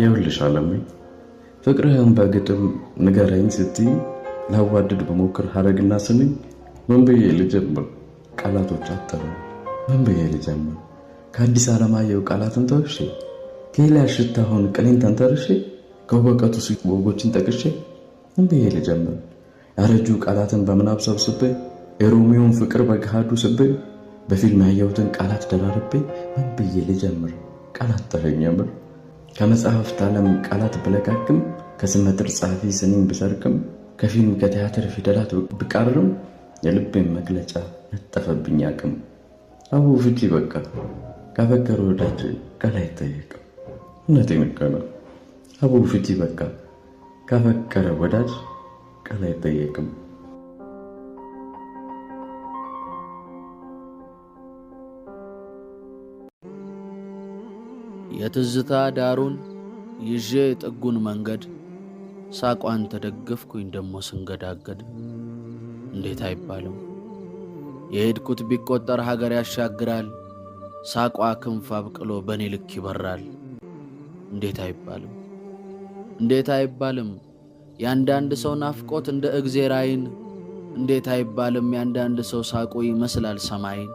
ይኸውልሽ አለሜ ፍቅርህን በግጥም ንገረኝ ስትይ ላዋድድ በሞክር ሀረግና ስንኝ ምን ብዬ ልጀምር? ቃላቶች አጠሩ ምን ብዬ ልጀምር? ከአዲስ አለማየሁ ቃላትን ተውሼ ከሌላ ሽታሁን ቅኔን ተንተርሼ ከወቀቱ ሱቅ ወጎችን ጠቅሼ ምን ብዬ ልጀምር? ያረጁ ቃላትን በምናብ ሰብስቤ የሮሚዮን ፍቅር በገሃዱ ስቤ በፊልም ያየሁትን ቃላት ደራርቤ ምን ብዬ ልጀምር? ቃላት ተረኝ የምር ከመጽሐፍት ዓለም ቃላት ብለጋግም፣ ከስመጥር ጸሐፊ ስኒን ብሰርቅም፣ ከፊልም ከቲያትር ፊደላት ብቃርም፣ የልቤን መግለጫ ነጠፈብኝ አቅም። አቡ ፍቺ በቃ ካፈቀሩ ወዳጅ ቃል አይጠየቅም። እውነቴን እኮ ነው። አቡ ፍቺ በቃ ካፈቀረ ወዳጅ ቃል አይጠየቅም። የትዝታ ዳሩን ይዤ የጥጉን መንገድ ሳቋን ተደገፍኩኝ ደሞ ስንገዳገድ እንዴት አይባልም የሄድኩት ቢቆጠር ሀገር ያሻግራል ሳቋ ክንፍ አብቅሎ በእኔ ልክ ይበራል እንዴት አይባልም እንዴት አይባልም የአንዳንድ ሰው ናፍቆት እንደ እግዜር አይን እንዴት አይባልም የአንዳንድ ሰው ሳቁ ይመስላል ሰማይን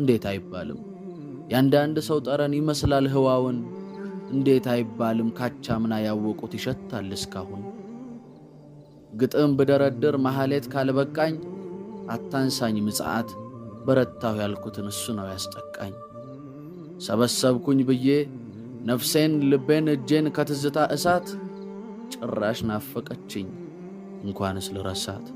እንዴት አይባልም የአንዳንድ ሰው ጠረን ይመስላል ህዋውን እንዴት አይባልም ካቻምና ያወቁት ይሸታል እስካሁን። ግጥም ብደረድር መሐሌት ካልበቃኝ አታንሳኝ ምጽዓት በረታሁ ያልኩትን እሱ ነው ያስጠቃኝ። ሰበሰብኩኝ ብዬ ነፍሴን ልቤን እጄን ከትዝታ እሳት ጭራሽ ናፈቀችኝ እንኳንስ ልረሳት።